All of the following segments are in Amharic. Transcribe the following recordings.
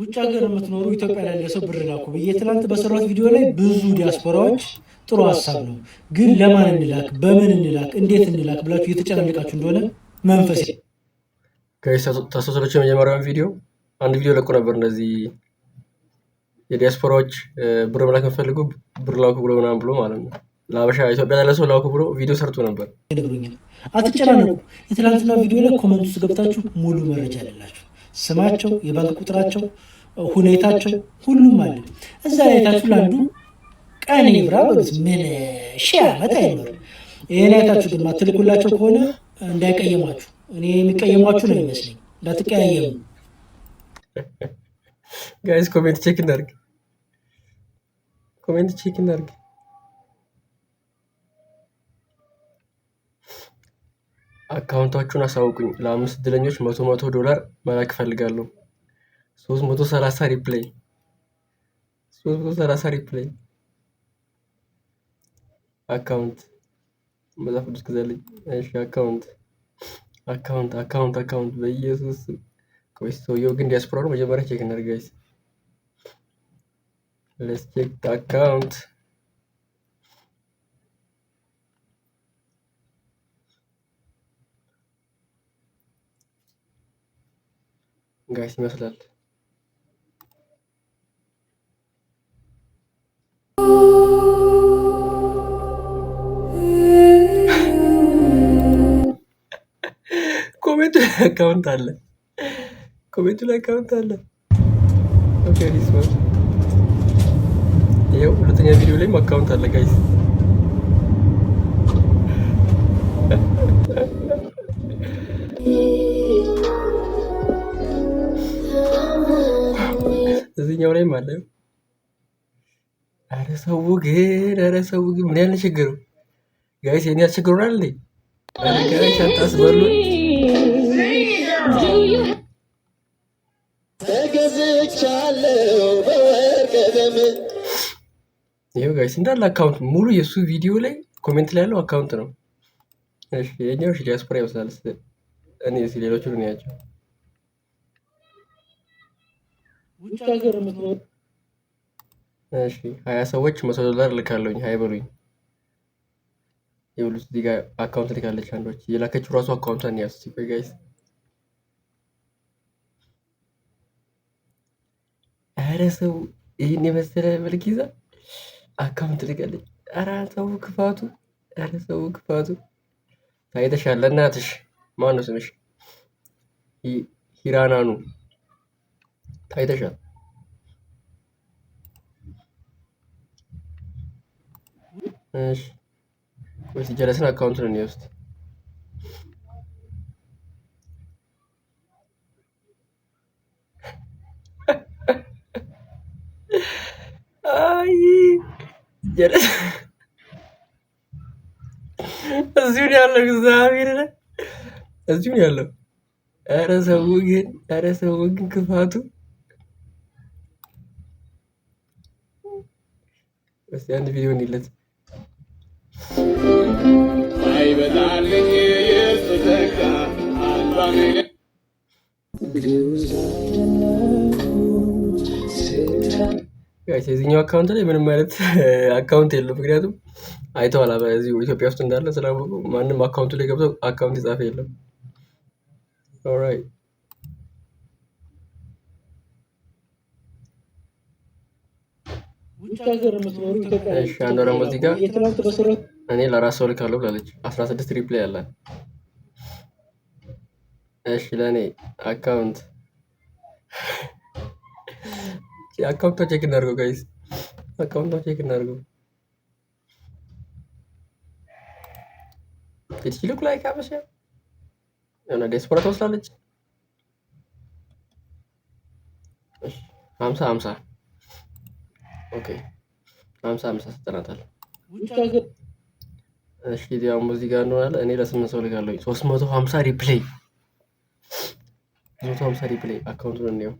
ውጭ ሀገር የምትኖሩ ኢትዮጵያ ላይ ሰው ብር ላኩ ብዬ ትናንት በሰራት ቪዲዮ ላይ ብዙ ዲያስፖራዎች ጥሩ ሀሳብ ነው፣ ግን ለማን እንላክ፣ በምን እንላክ፣ እንዴት እንላክ ብላችሁ እየተጨናነቃችሁ እንደሆነ መንፈስ ከተሰሰሎች የመጀመሪያውን ቪዲዮ አንድ ቪዲዮ ለቁ ነበር። እነዚህ የዲያስፖራዎች ብር መላክ የሚፈልጉ ብር ላኩ ብሎ ምናምን ብሎ ማለት ነው ለአበሻ ኢትዮጵያ ሰው ላኩ ብሎ ቪዲዮ ሰርቶ ነበር። አትጨናነቁ። የትላንትና ቪዲዮ ላይ ኮመንት ውስጥ ገብታችሁ ሙሉ መረጃ ያለላችሁ ስማቸው፣ የባንክ ቁጥራቸው፣ ሁኔታቸው ሁሉም አለ እዛ ላይ ታችሁ ለአንዱ ቀን ይብራ ምን ሺ ዓመት አይኖርም። ይህን አይታችሁ ግን ማትልኩላቸው ከሆነ እንዳይቀየሟችሁ። እኔ የሚቀየሟችሁ ነው ይመስለኝ። እንዳትቀያየሙ ጋይስ። ኮሜንት ቼክ እናርግ፣ ኮሜንት ቼክ እናርግ። አካውንታችሁን አሳውቁኝ ለአምስት እድለኞች መቶ መቶ ዶላር መላክ እፈልጋለሁ። ሶስት መቶ ሰላሳ ሪፕላይ ሶስት መቶ ሰላሳ ሪፕላይ አካውንት መጽሐፍ ቅዱስ ግዛልኝ። እሺ አካውንት አካውንት አካውንት አካውንት በኢየሱስ ሰውየው ግን ዲያስፖራ ነው። መጀመሪያ ቼክ እናድርግ ሌትስ ቼክ አካውንት ጋይስ ይመስላል። ኮሜንቱ ላይ አካውንት አለ። ኮሜንቱ ላይ አካውንት አለ። ኦኬ ዲስ ይኸው ሁለተኛ ቪዲዮ ላይም አካውንት አለ ጋይስ ማለት ነው። ሰው ግን ኧረ ሰው ግን ምን ያለ ችግሩ ጋይስ፣ የኔ ያስቸግሩናል እንዴ? ጋይስ አታስበሉ። ይኸው ጋይስ እንዳለ አካውንት ሙሉ የእሱ ቪዲዮ ላይ ኮሜንት ላይ ያለው አካውንት ነው። የኛዎች ዲያስፖራ ይመስላል። እኔ ሌሎቹ ነው ያቸው ውጭ ሀገር የምትኖር እሺ፣ ሀያ ሰዎች መቶ ዶላር ልካለኝ ሀይ በሉኝ። የብሉት እዚህ ጋር አካውንት ልካለች። አንዶች የላከችው ራሱ አካውንቷን ያስ ሲቆይ ጋይስ አረ ሰው ይህን የመሰለ መልክ ይዛ አካውንት ልካለች። ኧረ ሰው ክፋቱ፣ አረ ሰው ክፋቱ። ታይተሻል። እናትሽ ማነው ስምሽ? ሂራናኑ ታይተሻል። እሺ ወይስ ጀለስን አካውንት ነው የሚወስድ? አይ ጀለስ እዚሁ ነው ያለው። እግዚአብሔር እዚሁ ነው ያለው። ኧረ ሰው ግን ኧረ ሰው ግን ክፋቱ እስቲ አንድ ቪዲዮ እንዲለት የዚህኛው አካውንት ላይ ምንም አይነት አካውንት የለው። ምክንያቱም አይተዋላ በዚሁ ኢትዮጵያ ውስጥ እንዳለ ስላወቁ ማንም አካውንቱ ላይ ገብተው አካውንት የጻፈ የለም። ኦራይት አንዱ ደግሞ እዚህ ጋር እኔ ለአራት ሰው ልካለሁ ብላለች። አስራ ስድስት ሪፕላይ አላት። እሺ ለእኔ አካውንት አካውንቷ ቼክ እናድርገው ጋይስ፣ አካውንቷ ቼክ እናድርገው። የሆነ ዲያስፖራ ሀምሳ ሀምሳ ኦኬ ሀምሳ ሀምሳ ሰጠናታል። እሺ እኔ ለስምንት ሰው ሶስት መቶ ሀምሳ ሪፕሌይ መቶ ሀምሳ ሪፕሌይ አካውንቱን እንየው።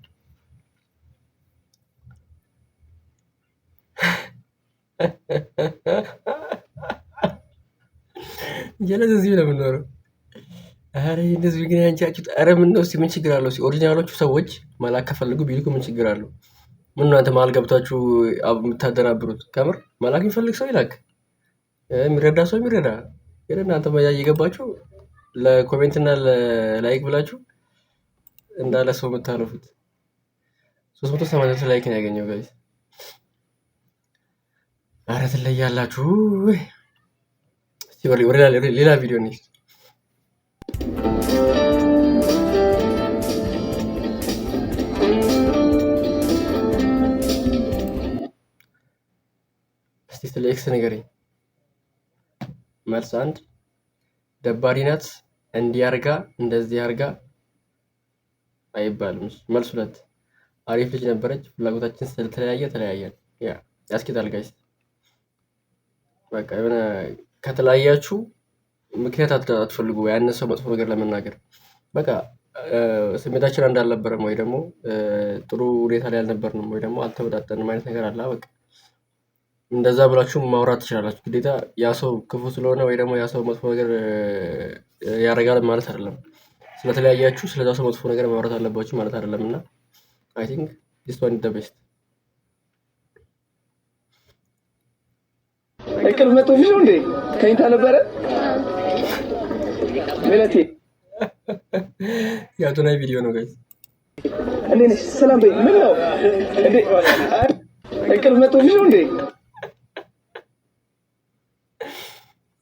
እዚህ እንደዚህ ግን ምን ችግር አለው? ኦሪጂናሎቹ ሰዎች መላክ ከፈልጉ ቢልኩ ምን ችግር አለው? ምን እናንተ መሀል ገብታችሁ የምታደናብሩት? ከምር መላክ የሚፈልግ ሰው ይላክ፣ የሚረዳ ሰው የሚረዳ። ግን እናንተ መያ እየገባችሁ ለኮሜንትና ለላይክ ብላችሁ እንዳለ ሰው የምታረፉት። ሶስት መቶ ሰማንያ ላይክ ነው ያገኘው ጋይስ። አረ ትለያላችሁ። ሌላ ቪዲዮ ነች። እስቲ ስለ ኤክስ መልስ አንድ ደባሪ ናት፣ እንዲህ አርጋ እንደዚህ አርጋ አይባልም። መልስ ሁለት አሪፍ ልጅ ነበረች፣ ፍላጎታችን ስለተለያየ ተለያየን። ያ ጋይስ። በቃ የሆነ ከተለያያችሁ ምክንያት አትፈልጉ፣ ያነሰው መጥፎ ነገር ለመናገር በቃ ስሜታችን እንዳልነበረም ወይ ደግሞ ጥሩ ሁኔታ ላይ አልነበርንም ወይ ደግሞ አልተመጣጠንም አይነት ነገር አለ በቃ እንደዛ ብላችሁ ማውራት ትችላላችሁ። ግዴታ ያ ሰው ክፉ ስለሆነ ወይ ደግሞ ያ ሰው መጥፎ ነገር ያደርጋል ማለት አይደለም። ስለተለያያችሁ ስለዛ ሰው መጥፎ ነገር ማውራት አለባችሁ ማለት አይደለም። እና አይ ቲንክ ዲስ ዋን ደ ቤስት። እቅድ መቶብሽ ነው እንዴ? ተኝታ ነበረ ሜለቴ። የአቶናይ ቪዲዮ ነው ጋይ። እንዴት ሰላም በይ። ምን ነው እንዴ? እቅድ መቶብሽ ነው እንዴ?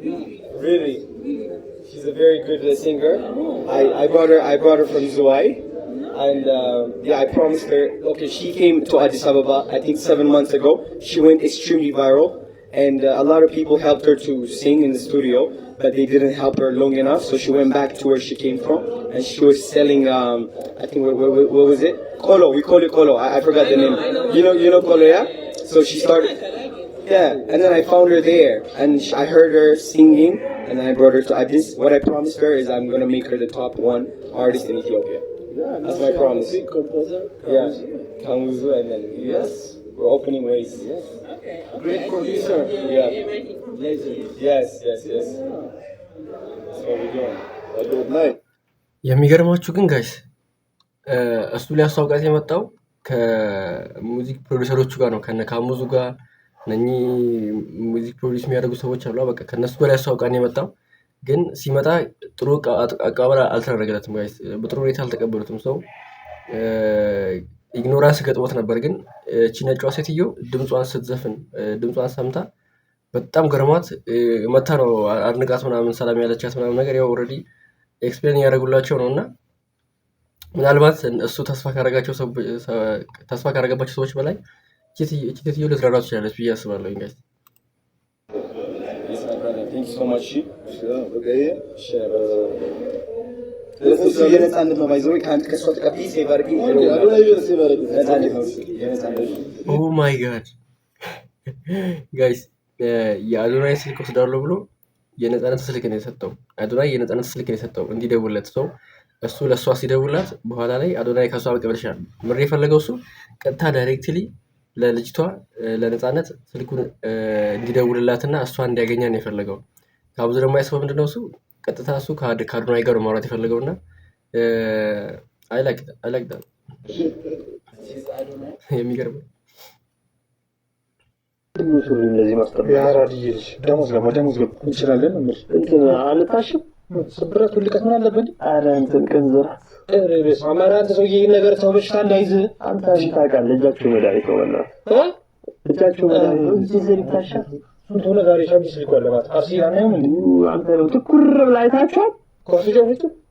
Really? She's a very good uh, singer. I, I brought her I brought her from Zuwai. And uh, yeah, I promised her. Okay, she came to Addis Ababa, I think seven months ago. She went extremely viral, and uh, a lot of people helped her to sing in the studio, but they didn't help her long enough. So she went back to where she came from, and she was selling. Um, I think what, what, what, was it? Kolo. We call it kolo. I, I forgot the name. You know, you know kolo, yeah. So she started. Yeah, and then I found her there, and I heard her singing, and I brought her to. I just what I promised her is I'm gonna make her the top one artist in Ethiopia. Yeah, that's my promise. Big composer. Yeah, Kanguzu, and then yes, we're opening ways. Yes. Okay. Great producer. Yeah. Yes, yes, yes. That's what we're doing. Good night. የሚገርማችሁ ግን ጋይስ እሱ ሊያስተዋውቃት የመጣው ከሙዚክ ፕሮዲሰሮቹ ጋር ነው ከነ ካሙዙ ጋር እነኚህ ሙዚክ ፕሮዲስ የሚያደርጉ ሰዎች አሉ። በቃ ከእነሱ በላይ ያስተዋውቃን የመጣው ግን ሲመጣ ጥሩ አቀባበል አልተደረገለትም። በጥሩ ሁኔታ አልተቀበሉትም። ሰው ኢግኖራንስ ገጥሞት ነበር። ግን እቺ ሴትዮ ድምጿን ስትዘፍን ድምጿን ሰምታ በጣም ገርማት መታ ነው አድንቃት ምናምን ሰላም ያለቻት ምናምን ነገር ያው ኦልሬዲ ኤክስፕሌን እያደረጉላቸው ነው እና ምናልባት እሱ ተስፋ ካረጋቸው ተስፋ ካረገባቸው ሰዎች በላይ እቺ ሴትዮ ልትረዳ ትችላለች ብዬ አስባለሁ። ጋይስ ኦ ማይ ጋድ ጋይስ የአዶናይ ስልክ ወስዳለሁ ብሎ የነፃነት ስልክ ነው የሰጠው። አዶናይ የነፃነት ስልክ ነው የሰጠው እንዲደውለት ሰው እሱ ለእሷ ሲደውላት በኋላ ላይ አዶናይ ከእሷ መቀበልሻል ምር የፈለገው እሱ ቀጥታ ዳይሬክትሊ ለልጅቷ ለነፃነት ስልኩን እንዲደውልላትና እሷ እንዲያገኛ ነው የፈለገው። ከአብዙ ደግሞ ያሰበው ምንድነው እሱ ቀጥታ እሱ ከአዶናይ ጋር ማውራት የፈለገው እና አይ ላይክ ማስጠ ልጅ ደሞዝ ደሞዝ ገባ እንችላለን እንትን ስብራት ውልቀት ምን አለበት? ኧረ እንትን ቅንዝራት ኧረ አንተ ሰውዬ ነገር ሰው በሽታ እንዳይዝ አንተ ታውቃለህ። እጃችሁ መድኃኒት ነው በእናትህ እጃችሁ መድኃኒት ነው አርሲ አናየውም እንዲ አንተ ነው ትኩር ብላ አይታችኋል ኳስ ጫወቱ